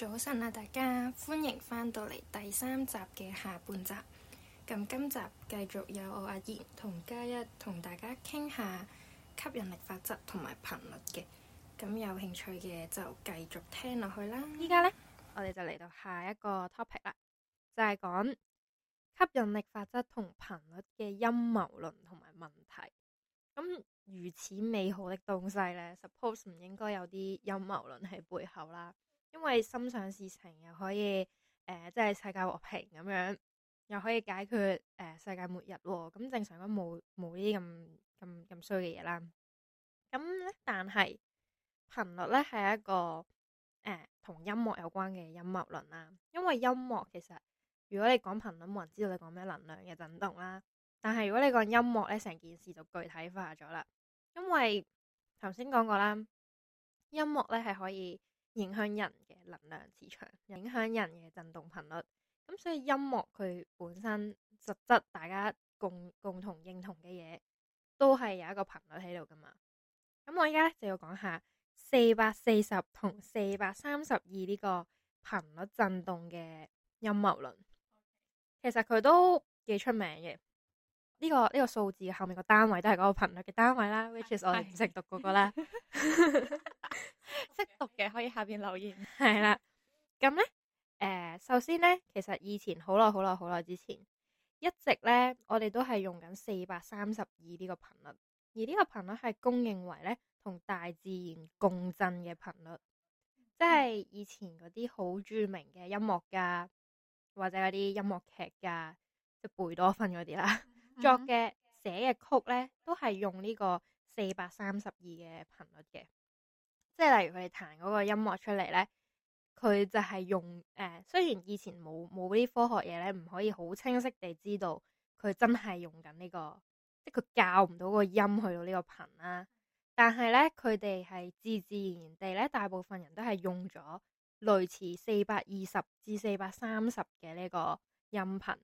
早晨啊，大家歡迎翻到嚟第三集嘅下半集。咁今集繼續有我阿妍同加一同大家傾下吸引力法則同埋頻率嘅。咁有興趣嘅就繼續聽落去啦。依家呢，我哋就嚟到下一個 topic 啦，就係講吸引力法則同頻率嘅陰謀論同埋問題。咁如此美好的東西呢 suppose 唔應該有啲陰謀論喺背後啦？因為心想事成又可以誒、呃，即係世界和平咁樣，又可以解決誒、呃、世界末日，咁正常都冇冇呢啲咁咁咁衰嘅嘢啦。咁但係，頻率咧係一個誒同、呃、音樂有關嘅音樂論啦。因為音樂其實如果你講頻率冇人知道你講咩能量嘅震動啦，但係如果你講音樂咧，成件事就具體化咗啦。因為頭先講過啦，音樂咧係可以。影響人嘅能量磁場，影響人嘅震動頻率。咁所以音樂佢本身實質大家共共同認同嘅嘢，都係有一個頻率喺度噶嘛。咁我依家咧就要講下四百四十同四百三十二呢個頻率震動嘅陰謀論，其實佢都幾出名嘅。呢、這個呢、這個數字後面個單位都係嗰個頻率嘅單位啦、啊，which is 我哋唔識讀嗰個啦，識 讀嘅可以下邊留言。係 啦， 咁呢，誒、呃，首先呢，其實以前好耐好耐好耐之前，一直呢，我哋都係用緊四百三十二呢個頻率，而呢個頻率係公認為呢同大自然共振嘅頻率，即係、嗯、以前嗰啲好著名嘅音樂家或者嗰啲音樂劇家，即貝多芬嗰啲啦。 作嘅寫嘅曲咧，都係用呢個四百三十二嘅頻率嘅，即係例如佢哋彈嗰個音樂出嚟咧，佢就係用誒、呃，雖然以前冇冇啲科學嘢咧，唔可以好清晰地知道佢真係用緊、這、呢個，即係佢教唔到個音去到呢個頻啦、啊。但係咧，佢哋係自自然然地咧，大部分人都係用咗類似四百二十至四百三十嘅呢個音頻。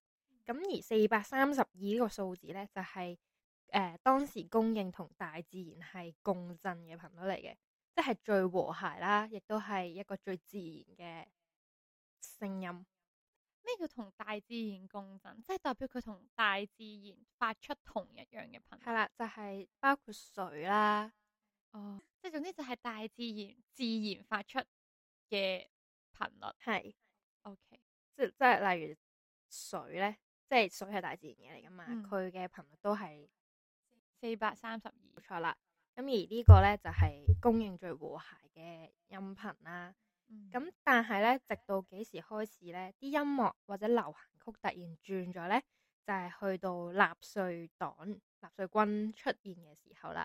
咁而四百三十二呢個數字呢，就係誒當時公認同大自然係共振嘅頻率嚟嘅，即係最和諧啦，亦都係一個最自然嘅聲音。咩叫同大自然共振？即係代表佢同大自然發出同一樣嘅頻率。係啦，就係包括水啦，哦，即係總之就係大自然自然發出嘅頻率。係，OK，即即係例如水呢。即係水係大自然嘢嚟噶嘛，佢嘅頻率都係四百三十二，冇錯啦。咁、嗯、而個呢個咧就係、是、公認最和諧嘅音頻啦。咁、嗯、但係咧，直到幾時開始咧，啲音樂或者流行曲突然轉咗咧，就係、是、去到納粹黨、納粹軍出現嘅時候啦。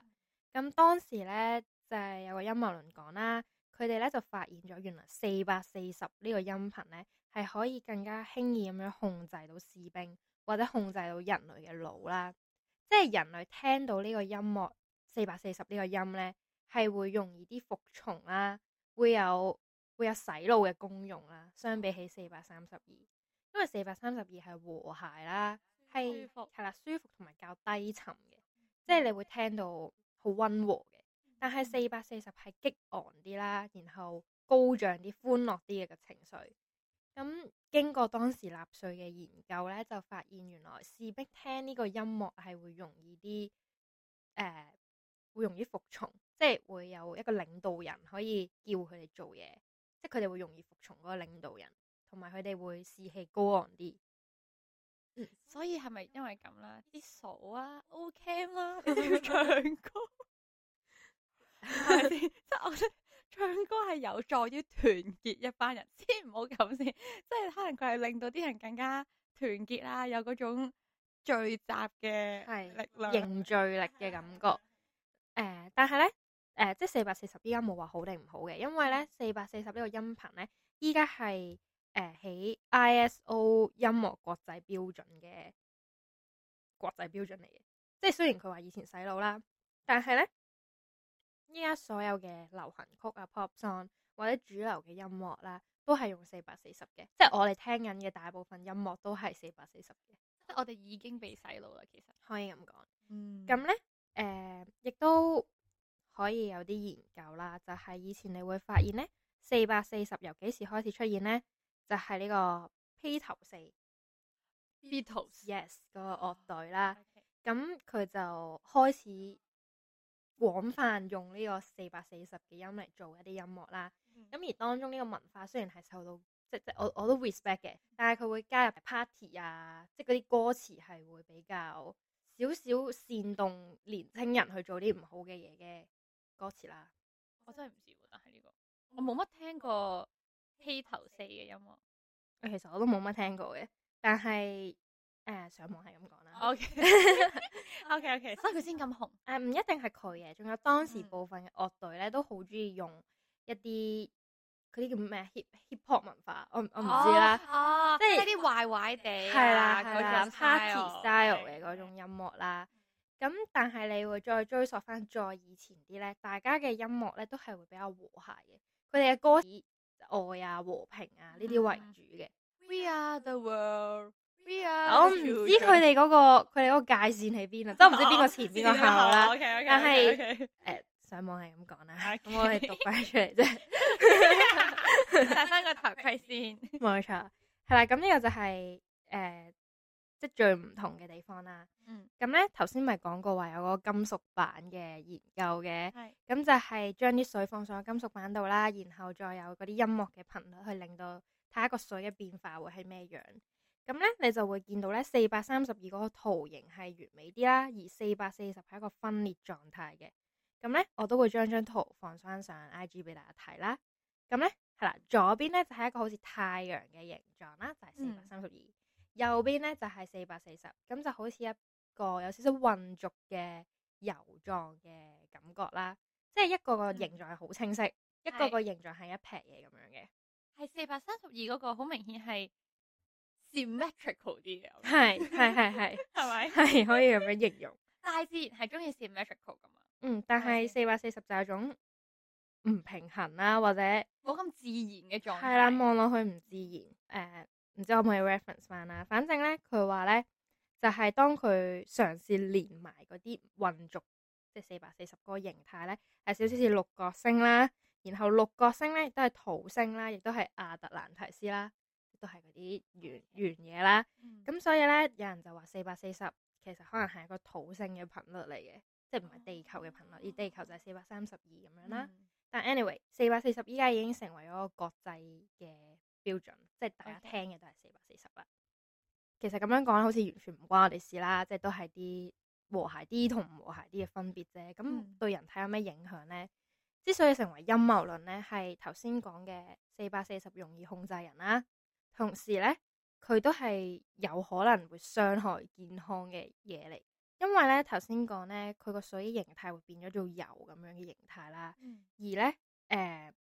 咁、嗯、當時咧就係、是、有個陰謀論講啦，佢哋咧就發現咗，原來四百四十呢個音頻咧。係可以更加輕易咁樣控制到士兵或者控制到人類嘅腦啦，即係人類聽到呢個音樂四百四十呢個音呢，係會容易啲服從啦，會有會有洗腦嘅功用啦。相比起四百三十二，因為四百三十二係和諧啦，係係啦，舒服同埋較低沉嘅，嗯、即係你會聽到好溫和嘅，但係四百四十係激昂啲啦，然後高漲啲，歡樂啲嘅個情緒。咁、嗯、經過當時納粹嘅研究咧，就發現原來士兵聽呢個音樂係會容易啲，誒、呃、會容易服從，即係會有一個領導人可以叫佢哋做嘢，即係佢哋會容易服從嗰個領導人，同埋佢哋會士氣高昂啲。所以係咪因為咁啦？啲傻啊，OK 啦，o 啊、你哋要唱歌、 就是。係，即係我。唱歌係有助於團結一班人，先唔好咁先，即係可能佢係令到啲人更加團結啦，有嗰種聚集嘅力量，凝聚力嘅感覺。誒、 呃，但係咧，誒、呃，即係四百四十，依家冇話好定唔好嘅，因為咧，四百四十呢個音頻咧，依家係誒喺 ISO 音樂國際標準嘅國際標準嚟嘅，即係雖然佢話以前洗腦啦，但係咧。依家所有嘅流行曲啊、pop song 或者主流嘅音樂啦，都係用四百四十嘅，即係我哋聽緊嘅大部分音樂都係四百四十嘅，我哋已經被洗腦啦。其實可以咁講，咁、嗯、呢，誒、呃，亦都可以有啲研究啦。就係、是、以前你會發現呢，四百四十由幾時開始出現呢？就係、是、呢個披頭四，披頭士 Beatles. Yes, 嗰個樂隊啦。咁佢、oh, okay. 就開始。廣泛用呢個四百四十嘅音嚟做一啲音樂啦，咁、嗯、而當中呢個文化雖然係受到即即我我都 respect 嘅，但係佢會加入 party 啊，即嗰啲歌詞係會比較少少煽動年青人去做啲唔好嘅嘢嘅歌詞啦。我真係唔知，但係呢、這個我冇乜聽過披頭四嘅音樂。其實我都冇乜聽過嘅，但係。誒，uh, 上網係咁講啦。O K，O K，O K，所以佢先咁紅。誒，唔一定係佢嘅，仲有當時部分嘅樂隊咧，都好中意用一啲嗰啲叫咩 hip hip hop 文化。我我唔知啦，哦、oh, oh，即係一啲壞壞地係啦，嗰種 party style 嘅嗰種音樂啦。咁但係你會再追溯翻再以前啲咧，大家嘅音樂咧都係會比較和諧嘅，佢哋嘅歌以愛啊、和平啊呢啲為主嘅。Mm hmm. We are the world。我唔知佢哋嗰個佢哋個界線喺邊、哦、啊，都唔知邊個前邊個後啦。但係誒，上網係咁講啦，咁我哋讀翻出嚟啫。戴翻個頭盔先，冇錯。係啦，咁呢個就係、是、誒、即、呃、係、就是、最唔同嘅地方啦。嗯，咁咧頭先咪講過話有個金屬板嘅研究嘅，係咁是就係將啲水放上金屬板度啦，然後再有嗰啲音樂嘅頻率去令到睇下個水嘅變化會係咩樣？咁咧，你就會見到咧，四百三十二個圖形係完美啲啦，而四百四十係一個分裂狀態嘅。咁咧，我都會將張圖放翻上，上 I G 俾大家睇啦。咁咧係啦，左邊咧就係、是、一個好似太陽嘅形狀啦，就係四百三十二；右邊咧就係四百四十，咁就好似一個有少少混濁嘅油狀嘅感覺啦。即係一個個形狀係好清晰，嗯、一個形狀一個形狀係一撇嘢咁樣嘅，係四百三十二嗰個好明顯係 symmetrical 啲嘅，係係係係，係咪？係 可以咁樣形容。大自然係中意 symmetrical 噶嘛？嗯，但係四百四十就係種唔平衡啦、啊，或者冇咁自然嘅狀態。係啦、啊，望落去唔自然。誒、呃，唔知可唔可以 reference 翻啦？反正咧，佢話咧就係、是、當佢嘗試連埋嗰啲混族，即係四百四十個形態咧，係少少似六角星啦，然後六角星咧亦都係土星啦，亦都係亞特蘭提斯啦。都係嗰啲原原嘢啦，咁、嗯、所以咧，有人就話四百四十其實可能係一個土星嘅頻率嚟嘅，即係唔係地球嘅頻率，而地球就係四百三十二咁樣啦。嗯、但 anyway，四百四十依家已經成為咗個國際嘅標準，即係大家聽嘅都係四百四十啦。Okay. 其實咁樣講，好似完全唔關我哋事啦，即係都係啲和諧啲同唔和諧啲嘅分別啫。咁對人體有咩影響呢？嗯、之所以成為陰謀論呢，係頭先講嘅四百四十容易控制人啦。同時咧，佢都係有可能會傷害健康嘅嘢嚟，因為咧頭先講咧，佢個水形態會變咗做油咁樣嘅形態啦。嗯、而咧，誒、呃、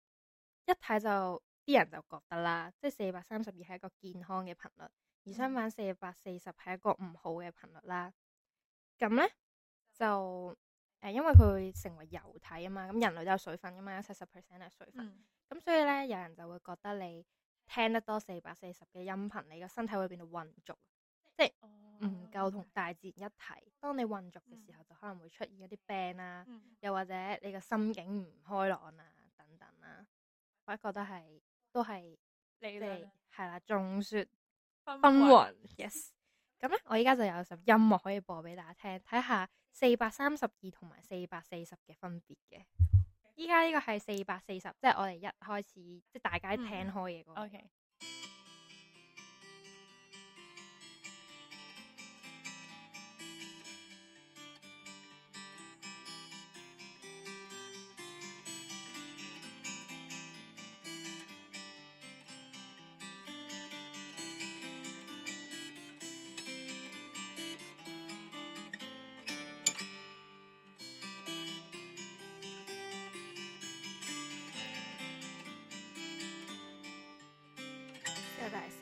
一睇，就啲人就覺得啦，即係四百三十二係一個健康嘅頻率，嗯、而相反四百四十係一個唔好嘅頻率啦。咁咧就誒、呃，因為佢會成為油體啊嘛，咁人類都有水分噶嘛，有七十 percent 係水分，咁、嗯、所以咧有人就會覺得你。聽得多四百四十嘅音頻，你個身體會變到渾濁，即係唔夠同大自然一體。哦、當你渾濁嘅時候，嗯、就可能會出現一啲病啊，嗯、又或者你個心境唔開朗啊，等等啊。我覺得係都係你哋係啦，眾說紛紛，yes。咁咧，我依家就有首音樂可以播俾大家聽，睇下四百三十二同埋四百四十嘅分別嘅。依家呢個係四百四十，即係我哋一開始即係、就是、大家聽開嘅歌、那個。嗯 okay.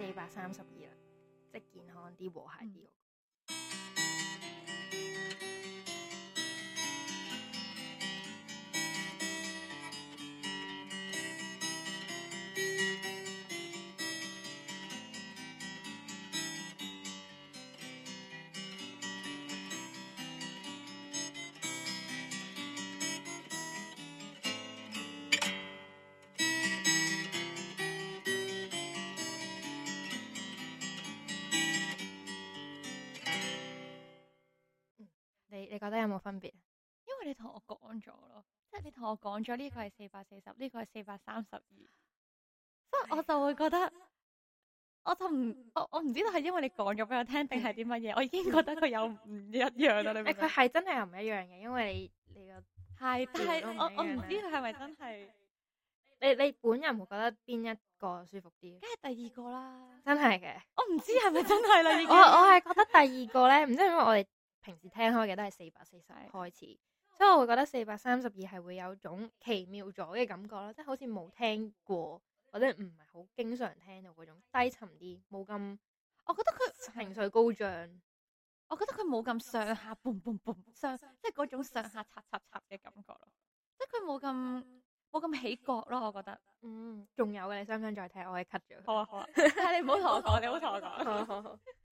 四百三十二啦，即係健康啲、和諧啲你覺得有冇分別？因為你同我講咗咯，即係你同我講咗呢個係四百四十，呢個係四百三十二，不過我就會覺得，我就唔我我唔知道係因為你講咗俾我聽定係啲乜嘢，是是 我已經覺得佢有唔一樣咯。你佢係真係又唔一樣嘅，因為你你個係，但係我我唔知佢係咪真係。你你本人會覺得邊一個舒服啲？梗係第二個啦，真係嘅。我唔知係咪真係啦。已經我我係覺得第二個咧，唔 知係因為我哋。平時聽開嘅都係四百四十開始，所以我會覺得四百三十二係會有種奇妙咗嘅感覺咯，即係好似冇聽過或者唔係好經常聽到嗰種低沉啲，冇咁。我覺得佢情緒高漲，我覺得佢冇咁上下，boom boom boom 上，即係嗰種上下插插插嘅感覺咯，即係佢冇咁冇咁起角咯。我覺得，嗯，仲有嘅，你想唔想再聽？我係 cut 咗佢，好啊好啊， 你唔好同我講，你唔好同我講。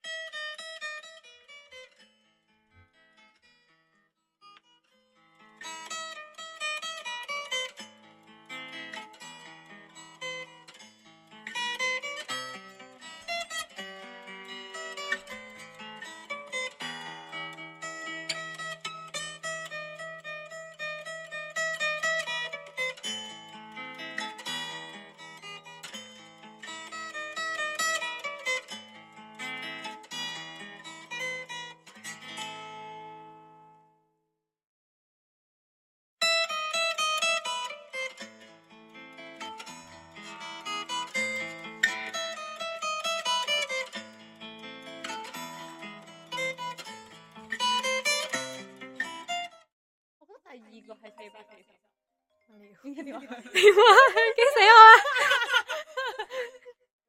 點啊！驚死我啊！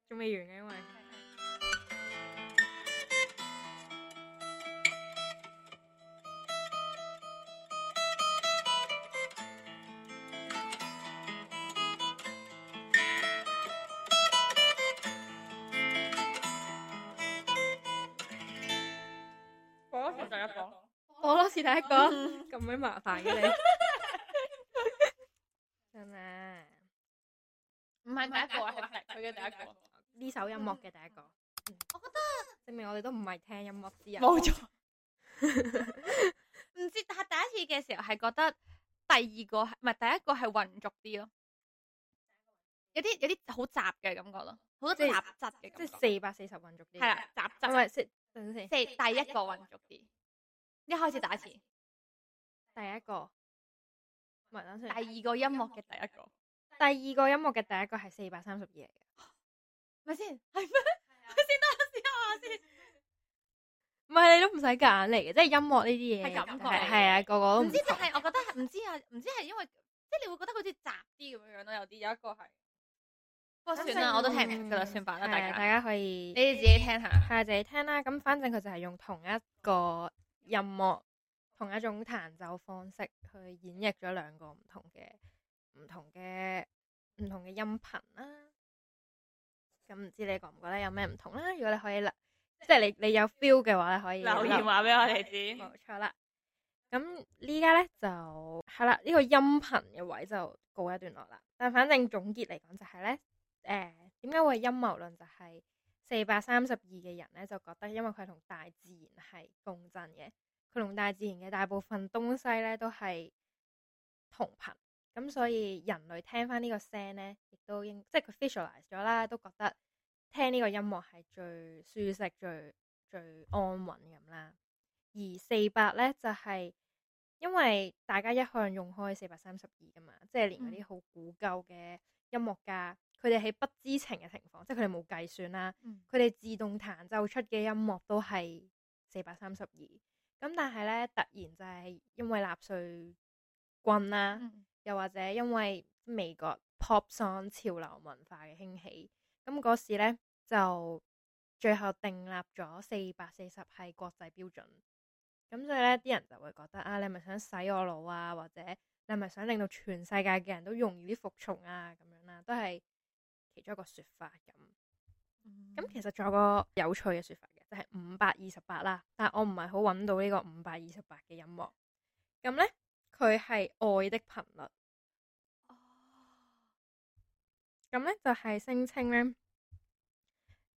做咩原因？因為我攞住第一個，我攞住第一個咁鬼麻煩嘅你。第一個呢首音樂嘅第一個，我覺得證明我哋都唔係聽音樂之人，冇錯。唔知，但係第一次嘅時候係覺得第二個係唔係第一個係混濁啲咯，有啲有啲好雜嘅感覺咯，好多雜質嘅，即係四百四十混濁啲，係啦，雜雜嘅，即係第一個混濁啲，一開始第一次，第一個，唔係等先，第二個音樂嘅第一個，第二個音樂嘅第一個係四百三十二嘅。咪先係咩？咪先多謝，係咪先？唔係你都唔使揀嚟嘅，即係音樂呢啲嘢係感覺系啊，個個都唔知。係我覺得唔知啊，唔知係因為即係你會覺得好似雜啲咁樣樣咯，有啲有一個係，不過算啦，我都聽唔明噶啦，算吧啦，大家大家可以你哋自己聽下，係自己聽啦。咁反正佢就係用同一個音樂、同一種彈奏方式去演繹咗兩個唔同嘅、唔同嘅、唔同嘅音頻啦。咁唔知你覺唔覺得有咩唔同啦？如果你可以啦，即係你你有 feel 嘅話咧，可以留言話俾我哋知。冇錯啦，咁呢家咧就係啦，呢個音頻嘅位就告一段落啦。但反正總結嚟講就係、是、咧，誒、呃，點解會陰謀論？就係四百三十二嘅人咧，就覺得因為佢同大自然係共振嘅，佢同大自然嘅大部分東西咧都係同頻。咁、嗯、所以人類聽翻呢個聲呢，亦都應即係佢 factualize 咗啦，都覺得聽呢個音樂係最舒適、最最安穩咁啦。而四百呢，就係、是、因為大家一向用開四百三十二噶嘛，即係連嗰啲好古舊嘅音樂家，佢哋喺不知情嘅情況，即係佢哋冇計算啦，佢哋、嗯、自動彈奏出嘅音樂都係四百三十二。咁但係呢，突然就係因為納粹軍啦。嗯又或者因為美國 pop song 潮流文化嘅興起，咁嗰時呢就最後訂立咗，四百四十係國際標準，咁所以呢啲人就會覺得啊，你係咪想洗我腦啊，或者你係咪想令到全世界嘅人都容易啲服從啊？咁樣啦，都係其中一個說法咁。咁其實仲有個有趣嘅說法嘅，就係五百二十八啦，但係我唔係好搵到呢個五百二十八嘅音樂，咁呢。佢係愛的頻率，哦，咁咧就係聲稱咧，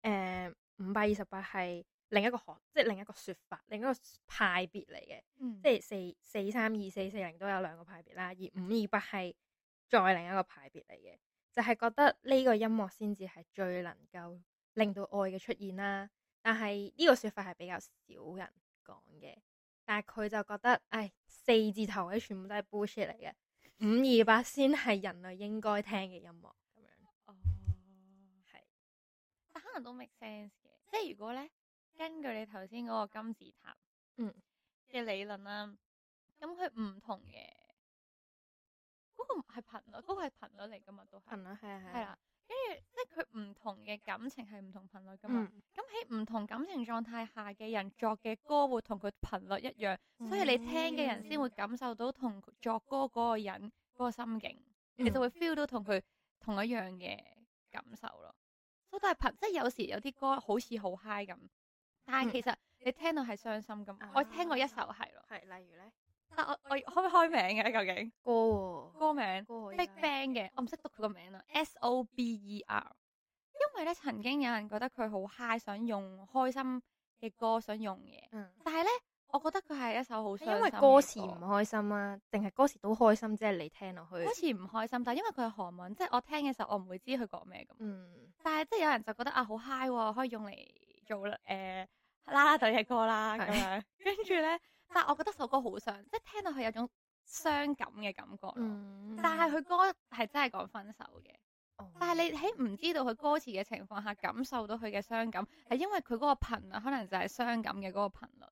誒五百二十八係另一個學，即係另一個說法，另一個派別嚟嘅，嗯、即係四四三二四四零都有兩個派別啦，而五二八係再另一個派別嚟嘅，就係、是、覺得呢個音樂先至係最能夠令到愛嘅出現啦。但係呢個說法係比較少人講嘅。但係佢就覺得，唉，四字頭嗰啲全部都係 bullshit 嚟嘅，五二八先係人類應該聽嘅音樂咁樣。哦，係，但可能都 make sense 嘅，即係如果咧，根據你頭先嗰個金字塔，嗯嘅理論啦，咁佢唔同嘅，嗰個唔係頻率，嗰個係頻率嚟噶嘛，都係。頻率係啊係。係啦。的跟住，即係佢唔同嘅感情係唔同頻率噶嘛。咁喺唔同感情狀態下嘅人作嘅歌會同佢頻率一樣，嗯、所以你聽嘅人先會感受到同作歌嗰個人、嗰、嗯、個心境，你就會 feel 到同佢同一樣嘅感受咯。嗯、所以都係頻，即係有時有啲歌好似好 high 咁，但係其實你聽到係傷心咁。嗯、我聽過一首係咯，係、啊、例如咧。但我可唔可以開名嘅，究竟歌歌名歌 Big Bang 嘅，我唔識讀佢個名啊。S O B E R，因為咧曾經有人覺得佢好嗨，想用開心嘅歌，想用嘢。嗯。但係咧，我覺得佢係一首好，因為歌詞唔開心啊，定係歌詞都開心，即係你聽落去。歌詞唔開心，但係因為佢係韓文，即係我聽嘅時候，我唔會知佢講咩咁。嗯。但係即係有人就覺得啊，好嗨喎，可以用嚟做誒、呃、啦啦隊嘅歌啦咁樣，跟住咧。但我覺得首歌好傷，即係聽到佢有種傷感嘅感覺，嗯、但係佢歌係真係講分手嘅。哦、但係你喺唔知道佢歌詞嘅情況下感受到佢嘅傷感，係因為佢嗰個頻率可能就係傷感嘅嗰個頻率。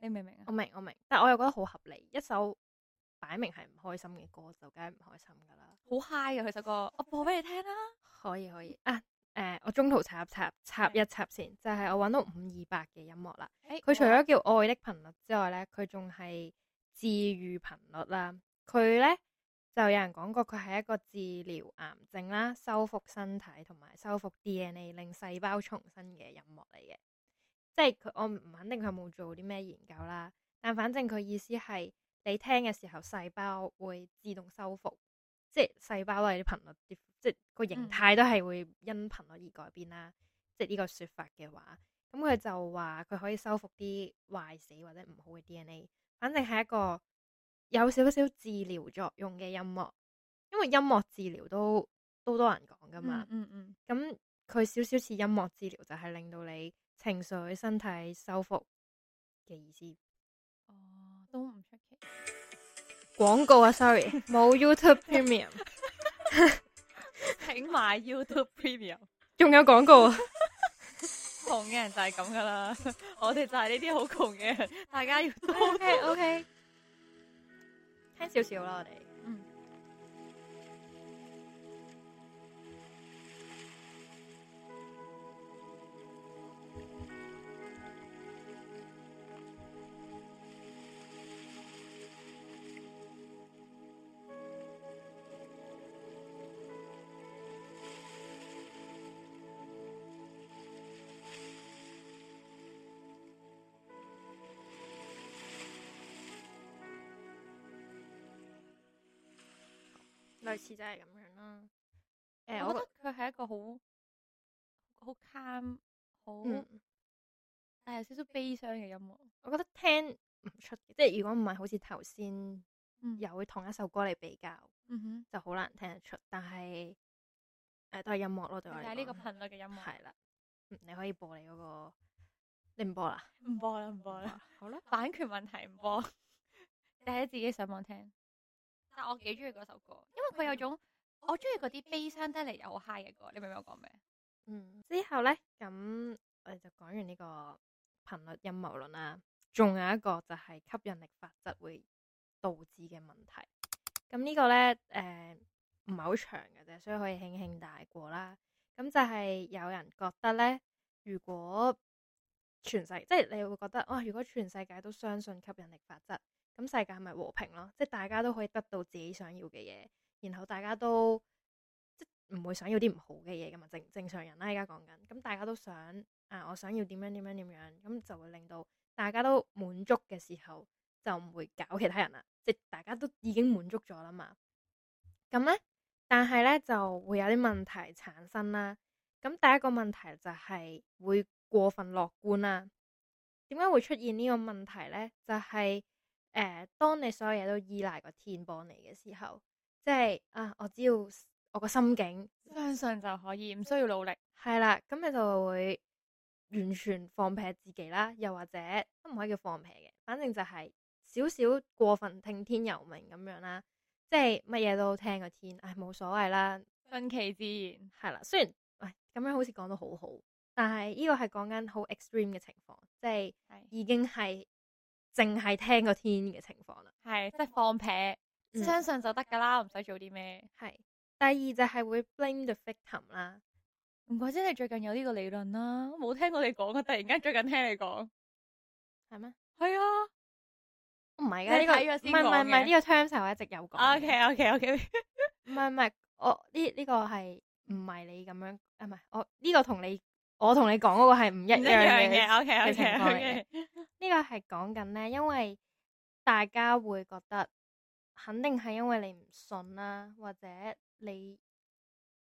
你明唔明？我明我明，但係我又覺得好合理。一首擺明係唔開心嘅歌，就梗係唔開心噶啦。好嗨㗎，佢首歌，我播俾你聽啦。可以可以啊。誒、呃，我中途插一插插一插先，就係、是、我揾到五二八嘅音樂啦。佢、欸、除咗叫愛的頻率之外呢，佢仲係治癒頻率啦。佢呢，就有人講過，佢係一個治療癌症啦、修復身體同埋修復 DNA、令細胞重新嘅音樂嚟嘅。即係佢，我唔肯定佢有冇做啲咩研究啦。但反正佢意思係，你聽嘅時候，細胞會自動修復，即係細胞都係啲頻率。即係個形態都係會因頻率而，而改變啦，即係呢個說法嘅話，咁佢就話佢可以修復啲壞死或者唔好嘅 DNA，反正係一個有少少治療作用嘅音樂，因為音樂治療都都多人講㗎嘛，嗯嗯，咁佢少少似音樂治療就係令到你情緒、身體修復嘅意思，哦，都唔出奇，廣告啊，sorry，冇 YouTube Premium。 請買 YouTube Premium，仲有廣告，窮嘅人就係咁噶啦，我哋就係呢啲好窮嘅人，大家要 OK OK，聽少少啦我哋。類似真係咁樣啦，誒、欸，我覺得佢係一個好好 calm，好誒，有少少、嗯、悲傷嘅音樂。我覺得聽唔出，即係如果唔係好似頭先又會同一首歌嚟比較，嗯、哼，就好難聽得出。但係誒、欸、都係音樂咯，就係。但係呢個頻率嘅音樂。係啦，你可以播你嗰、那個，你唔播啦，唔播啦，唔播啦，播好啦吧， 版權問題唔播，你 喺自己上網上聽。但我幾中意嗰首歌，因為佢有種我中意嗰啲悲傷得嚟，又好 high 嘅歌，你明唔明我講咩，嗯？之後呢，咁，我哋就講完呢個頻率陰謀論啦，仲有一個就係吸引力法則會導致嘅問題。咁呢個呢，誒唔係好長嘅啫，所以可以輕輕帶過啦。咁就係有人覺得呢，如果全世即係你會覺得哇，哦，如果全世界都相信吸引力法則。咁世界咪和平咯，即係大家都可以得到自己想要嘅嘢，然後大家都即唔會想要啲唔好嘅嘢噶嘛。正正常人啦、啊，而家講緊咁，大家都想啊，我想要點樣點樣點樣，咁就會令到大家都滿足嘅時候，就唔會搞其他人啦。即大家都已經滿足咗啦嘛。咁呢，但係呢就會有啲問題產生啦。咁第一個問題就係會過分樂觀啦。點解會出現呢個問題呢？就係、是。誒，當你所有嘢都依賴個天幫你嘅時候，即係啊，我只要我個心境向上就可以，唔需要努力，係啦，咁你就會完全放棄自己啦，又或者都唔可以叫放棄嘅，反正就係少少過分聽天由命咁樣啦，即係乜嘢都聽個天，唉、哎，冇所謂啦，順其自然，係啦，雖然喂咁樣好似講得好好，但係呢個係講緊好 extreme 嘅情況，即係已經係。淨係聽個天嘅情況啦，係是即係放屁，嗯、相信就得噶啦，唔使做啲咩。係第二就係會 blame the victim 啦。唔怪之你最近有呢個理論啦、啊，我冇聽過你講啊，突然間最近聽你講係咩？係嗎啊，唔係嘅呢個，唔係唔係呢個、這個、terms 我一直有講。OK OK OK，唔係唔係，我呢呢、這個係唔係你咁樣唔係我呢、這個同你。我同你講嗰個係唔一樣嘅情況嚟，呢個係講緊呢，因為大家會覺得肯定係因為你唔信啦，或者你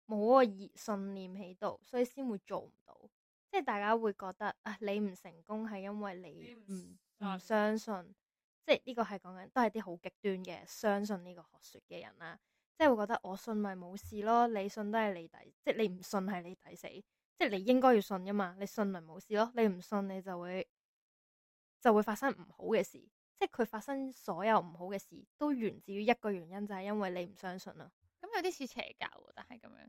冇個信念喺度，所以先會做唔到。即係大家會覺得啊，你唔成功係因為你唔唔相信，即係呢個係講緊都係啲好極端嘅相信呢個學說嘅人啦。即係會覺得我信咪冇事咯，你信都係你抵，即係你唔信係你抵死。即係你應該要信噶嘛，你信咪冇事咯，你唔信你就會就會發生唔好嘅事，即係佢發生所有唔好嘅事都源自於一個原因，就係、是、因為你唔相信咯。咁有啲似邪教、哦，但係咁樣，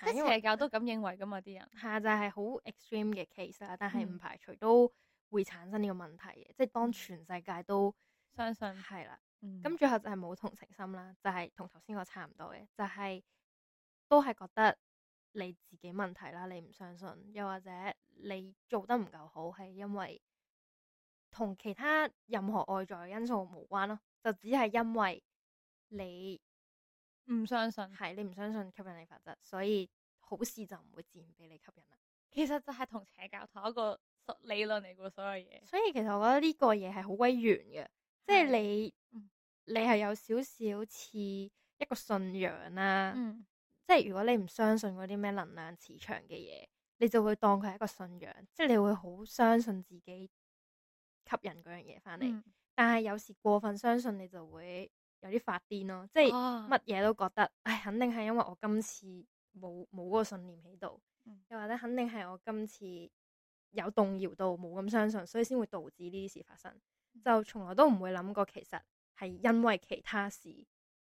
即係是為邪教都咁認為噶嘛，啲人下就係、是、好 extreme 嘅 case 啦，但係唔排除都會產生呢個問題嘅，嗯、即係當全世界都相信係啦。咁、嗯、最後就係冇同情心啦，就係同頭先個差唔多嘅，就係、是、都係覺得。你自己問題啦，你唔相信，又或者你做得唔夠好，係因為同其他任何外在因素無關咯，就只係因為你唔相信，係你唔相信吸引力法則，所以好事就唔會自然被你吸引啦。其實就係同邪教同一個理論嚟嘅所有嘢。所以其實我覺得呢個嘢係好鬼玄嘅，即係你、嗯、你係有少少似一個信仰啦、啊。嗯即係如果你唔相信嗰啲咩能量磁場嘅嘢，你就會當佢係一個信仰，即係你會好相信自己吸引嗰樣嘢翻嚟。嗯、但係有時過分相信，你就會有啲發癲咯。即係乜嘢都覺得，啊、唉，肯定係因為我今次冇冇嗰個信念喺度，嗯、又或者肯定係我今次有動搖到冇咁相信，所以先會導致呢啲事發生。嗯、就從來都唔會諗過，其實係因為其他事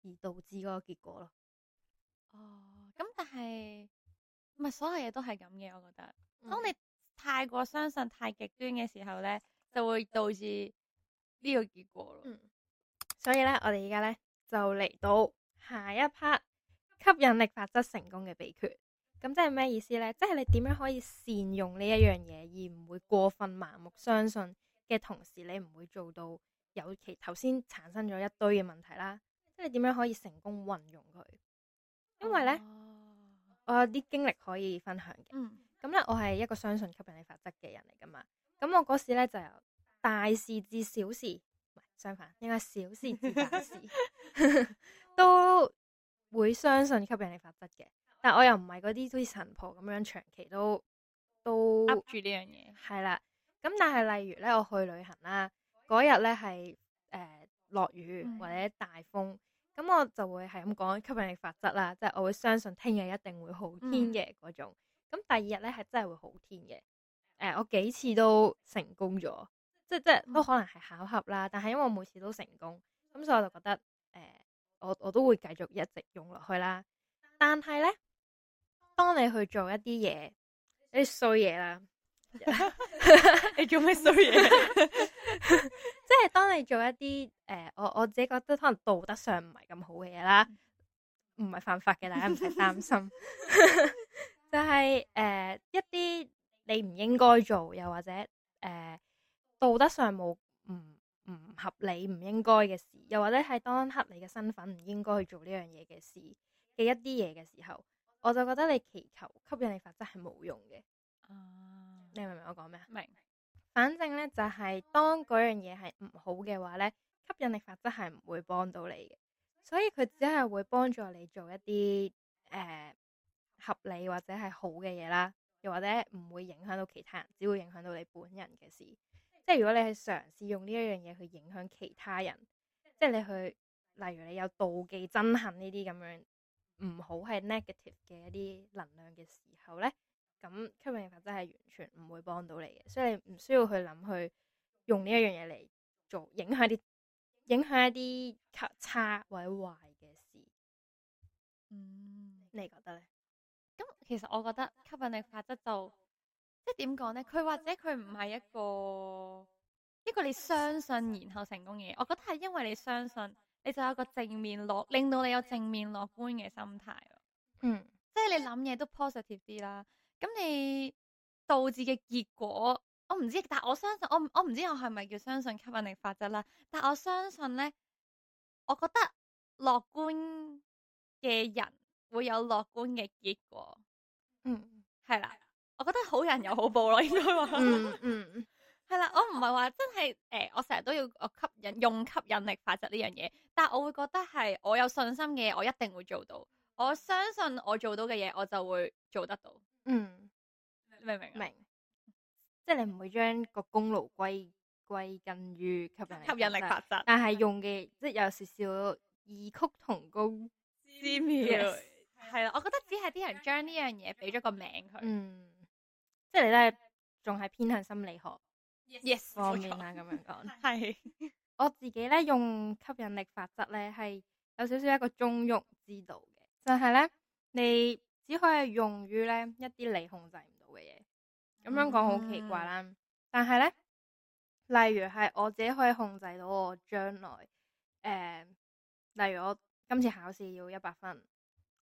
而導致嗰個結果咯。哦。係唔係所有嘢都係咁嘅？我覺得，當你太過相信太極端嘅時候呢，就會導致呢個結果咯。嗯。所以呢，我哋而家呢，就嚟到下一 part 吸引力法則成功嘅秘訣。咁即係咩意思呢？即係你點樣可以善用呢一樣嘢，而唔會過分盲目相信嘅同時，你唔會做到尤其頭先產生咗一堆嘅問題啦。即係你點樣可以成功運用佢？因為呢。嗯我有啲經歷可以分享嘅，咁咧、嗯、我係一個相信吸引力法則嘅人嚟噶嘛，咁我嗰時咧就由大事至小事，唔係，相反，應該小事至大事， 都會相信吸引力法則嘅。但我又唔係嗰啲好似神婆咁樣長期都都噏住呢樣嘢，係啦。咁但係例如咧，我去旅行啦，嗰日咧係誒落雨或者大風。嗯咁我就會係咁講吸引力法則啦，即係我會相信聽日一定會好天嘅嗰種。咁、嗯、第二日咧係真係會好天嘅。誒，我幾次都成功咗，即係即係都可能係巧合啦。但係因為我每次都成功，咁所以我就覺得誒，我我都會繼續一直用落去啦。但係咧，當你去做一啲嘢，一啲衰嘢啦。 你做咩衰嘢？即 係當你做一啲誒、呃，我我自己覺得可能道德上唔係咁好嘅嘢啦，唔係、嗯、犯法嘅，大家唔使擔心。 就係、是、誒、呃，一啲你唔應該做，又或者誒、呃、道德上冇唔唔合理、唔應該嘅事，又或者係當刻你嘅身份唔應該去做呢樣嘢嘅事嘅一啲嘢嘅時候，我就覺得你祈求吸引力法則係冇用嘅。嗯你明唔明我講咩啊？明是，反正咧就係、是、當嗰樣嘢係唔好嘅話咧，吸引力法則係唔會幫到你嘅，所以佢只係會幫助你做一啲誒、呃、合理或者係好嘅嘢啦，又或者唔會影響到其他人，只會影響到你本人嘅事。即係如果你去嘗試用呢一樣嘢去影響其他人，即係你去，例如你有妒忌、憎恨呢啲咁樣唔好係 negative 嘅一啲能量嘅時候咧。咁吸引力法則係完全唔會幫到你嘅，所以你唔需要去諗去用呢一樣嘢，嚟做影響一啲影響一啲差或者壞嘅事。嗯，你覺得咧？咁、嗯、其實我覺得吸引力法則就即係點講咧？佢或者佢唔係一個一個你相信然後成功嘅嘢。我覺得係因為你相信，你就有一個正面樂，令到你有正面樂觀嘅心態。嗯，即係你諗嘢都 positive 啲啦。咁你導致嘅結果，我唔知，但我相信我我唔知我係咪叫相信吸引力法則啦，但我相信咧，我覺得樂觀嘅人會有樂觀嘅結果，嗯，係啦的，的我覺得好人有好報咯，應該話，嗯嗯，係啦，我唔係話真係誒、欸，我成日都要我吸引用吸引力法則呢樣嘢，但我會覺得係我有信心嘅嘢，我一定會做到。我相信我做到嘅嘢，我就會做得到。嗯，明唔明？明，即係你唔會將個功勞歸歸根於吸吸引力法則。法但係用嘅即係有少少異曲同工之妙。係啦 Yes. Yes.，我覺得只係啲人將呢樣嘢俾咗個名佢。嗯，即係你咧，仲係偏向心理學方 yes 錯方面啊，咁樣講。係 是， 我自己咧用吸引力法則咧係有少少一個中庸之道。但係咧，你只可以用於咧一啲你控制唔到嘅嘢，咁樣講好奇怪啦。Mm hmm. 但係咧，例如係我自己可以控制到我將來，誒、呃，例如我今次考試要一百分，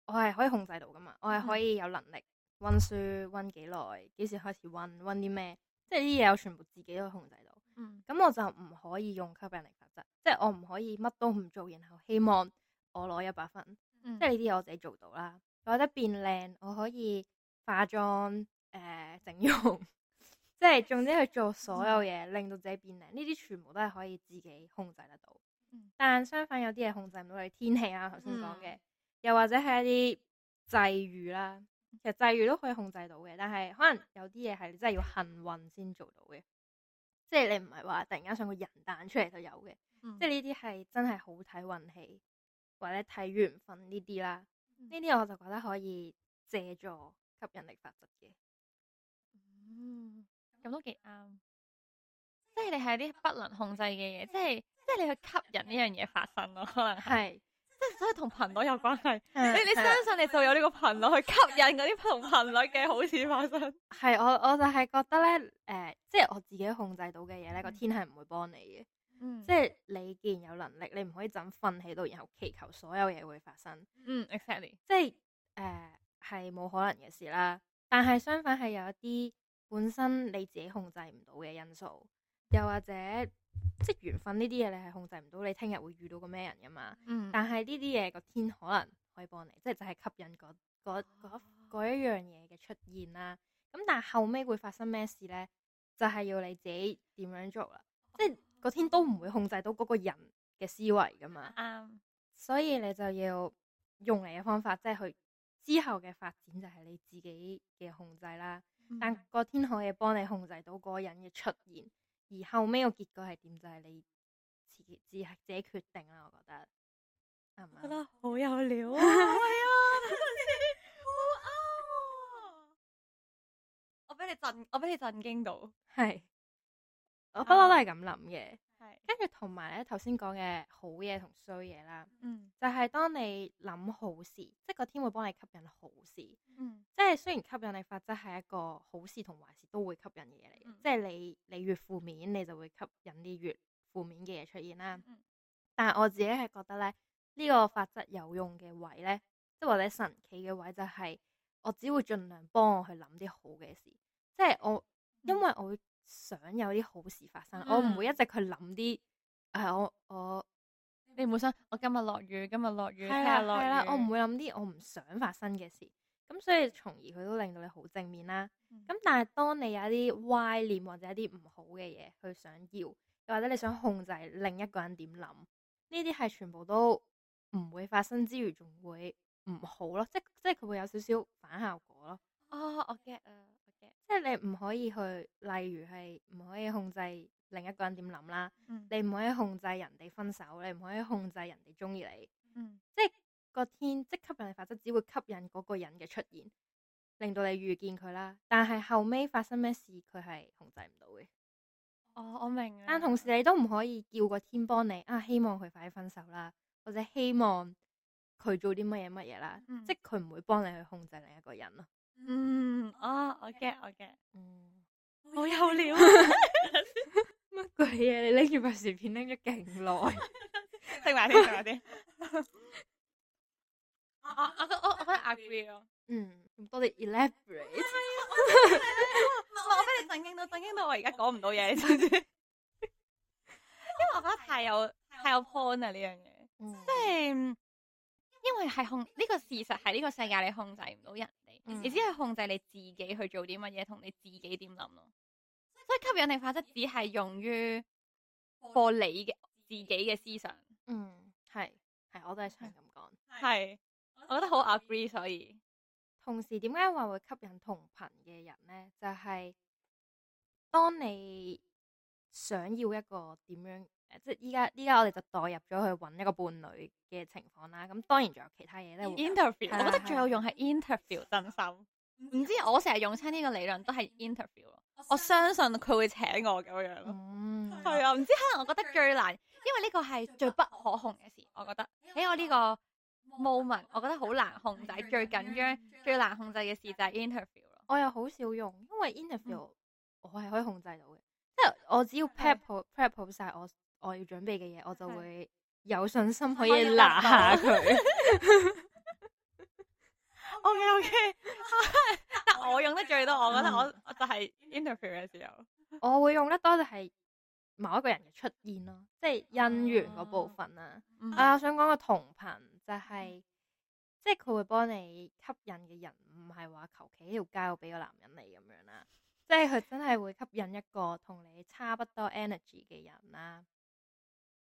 我係可以控制到噶嘛？我係可以有能力溫書溫幾耐，幾時開始溫，溫啲咩，即係呢啲嘢我全部自己都可以控制到。咁、mm hmm. 我就唔可以用吸引力法則，即係我唔可以乜都唔做，然後希望我攞一百分。即係呢啲我自己做到啦。我覺得變靚，我可以化妝、誒、呃、整容， 即係總之去做所有嘢，令到自己變靚。呢啲全部都係可以自己控制得到。嗯、但相反，有啲嘢控制唔到，你天氣啊，頭先講嘅，嗯、又或者係一啲際遇啦。其實際遇都可以控制到嘅，但係可能有啲嘢係你真係要幸運先做到嘅。即係你唔係話突然間想個人彈出嚟，就有嘅。嗯、即係呢啲係真係好睇運氣。或者睇緣分呢啲啦，呢啲、嗯、我就覺得可以借助吸引力法則嘅，嗯，咁都幾啱，即係你係啲不能控制嘅嘢，嗯、即係是即係你去吸引呢樣嘢發生咯，嗯、可能係，即係所以同頻率有關係，嗯、你你相信你就有呢個頻率去吸引嗰啲同頻率嘅好事發生，係、嗯、 我我就係覺得咧，誒、呃，即係我自己控制到嘅嘢咧，個、嗯、天係唔會幫你嘅。嗯、即係你既然有能力，你唔可以就咁瞓喺度，然後祈求所有嘢會發生。嗯，exactly，即係誒係冇可能嘅事啦。但係相反係有一啲本身你自己控制唔到嘅因素，又或者即係緣分呢啲嘢，你係控制唔到你聽日會遇到個咩人噶嘛。嗯、但係呢啲嘢個天可能可以幫你，即係就係吸引嗰一樣嘢嘅出現啦。咁但係後尾會發生咩事咧，就係、是、要你自己點樣做啦，即係。個天都唔會控制到嗰個人嘅思維㗎嘛，啱，uh. 所以你就要用你嘅方法，即係去之後嘅發展就係你自己嘅控制啦。Hmm. 但個天可以幫你控制到嗰個人嘅出現，而後尾個結果係點就係、是、你自自自己決定啦。我覺得，覺得好有料啊！係啊，好啱，我俾你震，我俾你震驚到，係。我不嬲都係咁諗嘅，係跟住同埋咧，頭先講嘅好嘢同衰嘢啦，嗯，就係當你諗好事，即係個天會幫你吸引好事，嗯，即係雖然吸引力法則係一個好事同壞事都會吸引嘢嚟，即係、嗯、你你越負面，你就會吸引啲越負面嘅嘢出現啦。嗯、但係我自己係覺得咧，呢、呢個法則有用嘅位咧，即係或者神奇嘅位就係，我只會盡量幫我去諗啲好嘅事，即、就、係、是、我因為我會、嗯。想有啲好事發生，嗯、我唔會一直去諗啲，誒、啊，我我你唔好想我今日落雨，今日落雨，今日落雨、啊雨啊、我唔會諗啲我唔想發生嘅事，咁所以從而佢都令到你好正面啦。咁、嗯、但係當你有一啲歪念或者一啲唔好嘅嘢去想要，又或者你想控制另一個人點諗，呢啲係全部都唔會發生之餘，如仲會唔好咯，即即係佢會有少少反效果咯。哦，我 get 啊即係你唔可以去，例如係唔可以控制另一個人點諗啦，嗯、你唔可以控制人哋分手，你唔可以控制人哋中意你，嗯、即係個天即吸引力法則只會吸引嗰個人嘅出現，令到你遇見佢啦。但係後尾發生咩事，佢係控制唔到嘅。哦，我明。但同時你都唔可以叫個天幫你啊，希望佢快啲分手啦，或者希望佢做啲乜嘢乜嘢啦，嗯、即係佢唔會幫你去控制另一個人咯。嗯，啊，我 get，我 get，冇有了乜鬼嘢？你拎住個薯片拎咗勁耐，聽埋先，聽埋先。我我我我我 agree 咯，嗯，咁多啲 elaborate，我俾你震驚到，震驚到我而家講唔到嘢，因為我覺得太有太有 point 啊呢樣嘢，即係因為係控呢個事實係呢個世界你控制唔到人。你只係控制你自己去做啲乜嘢，同你自己點諗咯。所以吸引力法則只係用於 for 你嘅自己嘅思想。嗯，係係，我都係想咁講。係係，係我覺得好 agree。所以同時，點解話會吸引同頻嘅人咧？就係，係當你想要一個點樣？即係依家，依家我哋就代入咗去搵一個伴侶嘅情況啦。咁當然仲有其他嘢咧。interview 我覺得最有用係 interview 真心，唔知我成日用親呢個理論都係 interview。我相信佢會請我咁樣。嗯，係啊，唔知可能我覺得最難，因為呢個係最不可控嘅事。我覺得喺我呢個 moment，我覺得好難控制，最緊張、最難控制嘅事就係 interview 咯。我又好少用，因為 interview 我係可以控制到嘅，即係我只要 prep、prep 好晒我。我要準備嘅嘢，我就會有信心可以拿下佢。OK，OK，但係我用得最多，我覺得我、嗯、我就係 interview 嘅時候，我會用得多就係某一個人嘅出現咯，即係姻緣嗰部分啦、啊。啊，嗯、啊，我想講個同頻、就係，就係、嗯、即係佢會幫你吸引嘅人，唔係話求其一條街有俾個男人嚟咁樣啦，即係佢真係會吸引一個同你差不多 energy 嘅人啦、啊。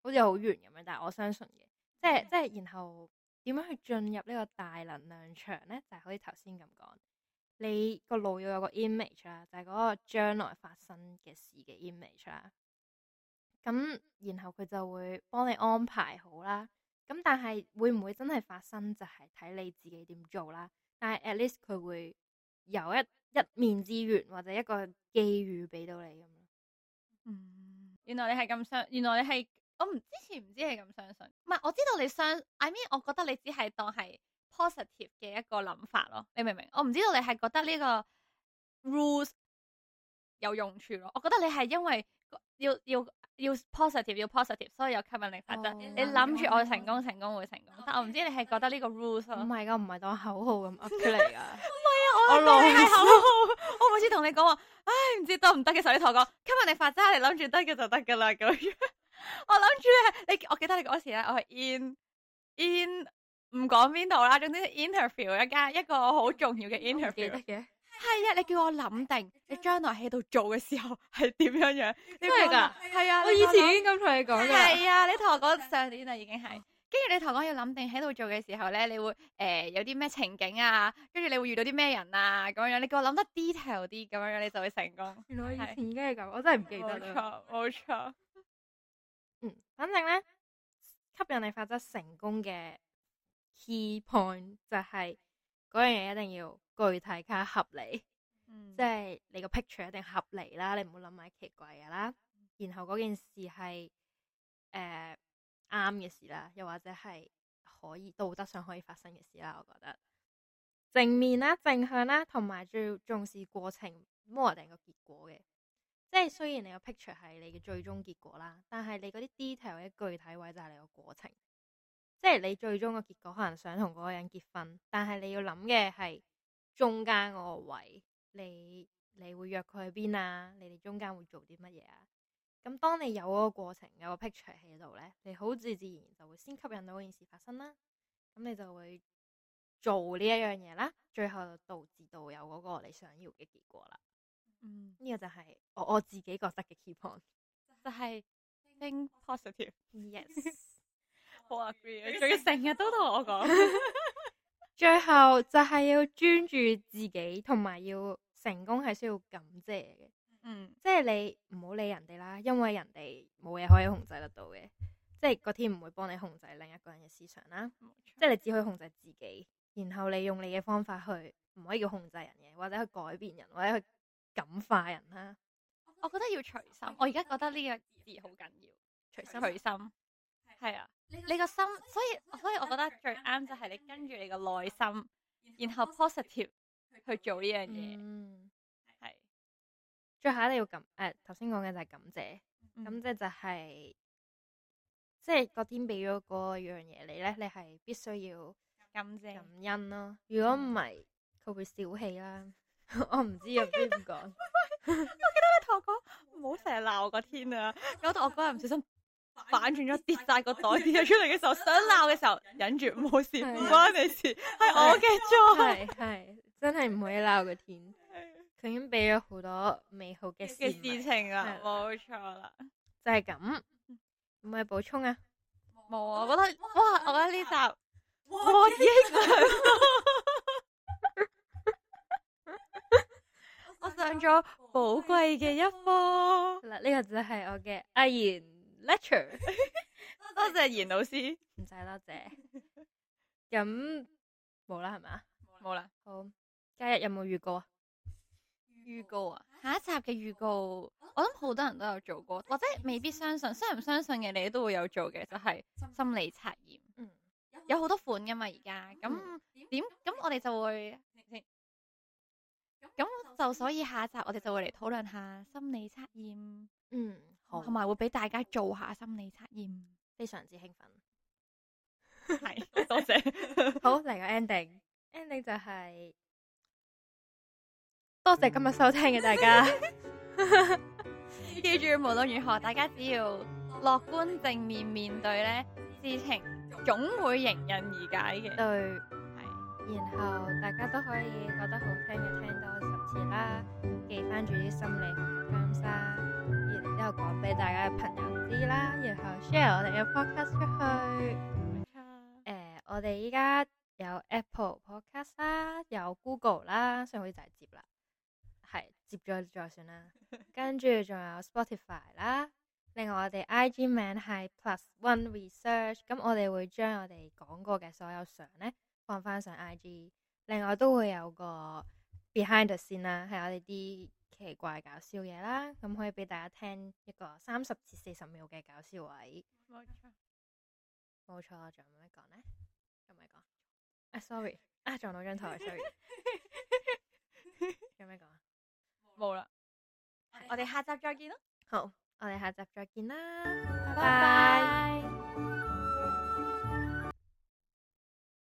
好似好遠咁樣，但係我相信嘅，即係即係，然後點樣去進入呢個大能量場呢？就係、是、好似頭先咁講，你個腦要有個 image 啦，就係嗰個將來發生嘅事嘅 image 啦。咁然後佢就會幫你安排好啦。咁但係會唔會真係發生就係睇你自己點做啦。但係 at least 佢會有一一面之緣或者一個機遇俾到你咁樣、嗯原你。原來你係咁想，原來你係。我唔之前唔知係咁相信，唔係我知道你相，I mean，我覺得你只係當係 positive 嘅一個諗法咯，你明唔明？我唔知道你係覺得呢個 rules 有用處咯，我覺得你係因為要要要 positive 要 positive，所以有吸引力法則，oh, 你諗住我成功，成功成功會成功，oh, okay。但我唔知你係覺得呢個 rules 唔係噶，唔係、oh, 當口號咁 up 嚟噶，唔係啊，我諗住係口號，我每次同你講話，唉、哎，唔知得唔得嘅時候你同我講吸引力法則，你諗住得嘅就得噶啦，咁樣。我諗住你我記得你嗰時咧，我係 in in 唔講邊度啦，總之 interview 一間一個好重要嘅 interview 記得嘅。係啊，你叫我諗定、嗯、你將來喺度做嘅時候係點樣樣，真係噶？係啊，我以前已經咁同你講噶，係啊，你同我講上年啊已經係， 跟住你同我講要諗定喺度做嘅時候咧，你會誒、呃、有啲咩情景啊，跟住你會遇到啲咩人啊，咁樣，你叫我諗得 detail 啲咁樣樣，你就會成功。原來以前已經係咁，的我真係唔記得啦。冇錯，冇錯。嗯、反正咧，吸引力法則成功嘅 key point 就係嗰樣嘢，一定要具體加合理，嗯、即係你個 picture 一定合理啦，你唔好諗埋奇怪嘅啦。嗯、然後嗰件事係誒啱嘅事啦，又或者係可以道德上可以發生嘅事啦。我覺得正面啦、正向啦，同埋最要重視過程，冇話定個結果嘅。即係雖然你個 picture 係你嘅最終結果啦，但係你嗰啲 detail 嘅具體位就係你個過程。即係你最終嘅結果可能想同嗰個人結婚，但係你要諗嘅係中間嗰個位，你你會約佢去邊啊？你哋中間會做啲乜嘢啊？咁當你有嗰個過程，有個 picture 喺度呢，你好自自然就會先吸引到件事發生啦。咁你就會做呢一樣嘢啦，最後就導致到有嗰個你想要嘅結果啦。嗯，呢個就係我我自己覺得嘅 key point，就係 think positive、yes。Yes，好 agree 啊，仲要成日都同我講。最後就係要專注自己，同埋要成功係需要感謝嘅。嗯，即係你唔好理人哋啦，因為人哋冇嘢可以控制得到嘅，即係個天唔會幫你控制另一個人嘅思想啦。即係你只可以控制自己，然後你用你嘅方法去，唔可以叫控制人嘅，或者去改變人，或者去。感化人啦、啊，我覺得要隨心。我而家覺得呢、這個字好緊要，隨心。隨心係啊，的的你個心，所以所以我覺得最啱就係你跟住你個內心，然後 positive pos 去做呢樣嘢。嗯，係的。最後一定要感，誒、啊，頭先講嘅就係感謝，咁即係即係個天俾咗嗰樣嘢你咧，你係必須要感謝感恩咯。如果唔係，佢會小氣啦。我唔知點講，我記得你同我講唔好成日鬧個天啊，搞到我嗰日唔小心反轉咗跌晒個袋跌咗出嚟嘅時候，想鬧嘅時候忍住，冇事，唔關你事，係我嘅錯。係真係唔可以鬧個天，佢已經俾咗好多美好嘅嘅事情啊，冇錯啦，就係咁，有冇嘢補充啊？冇啊，我覺得哇，我覺得呢集我已經。我上咗寶貴嘅一科，嗱，呢 個就係我嘅阿妍 lecture， 多謝妍老師，唔使多謝。咁冇啦，係咪啊？冇啦，了好。今日有冇預、預告啊？預告啊？下一集嘅預告，哦、我諗好多人都有做過，或者未必相信，雖然唔相信嘅你都會有做嘅，就係、是、心理測驗。嗯，有好多款噶嘛而家，咁點？咁、嗯、我哋就會。咁就所以，下一集我哋就會嚟討論下心理測驗，嗯，好，同埋會俾大家做下心理測驗，非常之興奮，係是，多謝，好，嚟個 ending，ending 就係多謝今日收聽嘅大家， 記住無論如何，大家只要樂觀正面面對呢，事情總會迎刃而解嘅，對。然後大家都可以覺得好聽嘅聽多十次啦，記翻住啲心理學嘅 con 沙，然之後講俾大家嘅朋友知啦，然後 share 我哋嘅 podcast 出去。誒錯、呃，我哋依家有 Apple Podcast 啦，有 Google 啦，所以可以就係接啦，係接咗再算啦。 跟住仲有 Spotify 啦，另外我哋 IG 名係 Plus One Research，咁我哋會將我哋講過嘅所有相咧。放翻上 IG，另外都會有個 behind 先啦，係我哋啲奇怪搞笑嘢啦，咁可以俾大家聽一個三十至四十秒嘅搞笑位。冇錯錯，冇錯，仲有咩講呢？仲有咩講？啊，sorry，啊撞到張台、， 啊、到台，sorry。 有咩講？冇啦了，啊、我哋下集再見咯。好，我哋下集再見啦，拜拜。拜拜。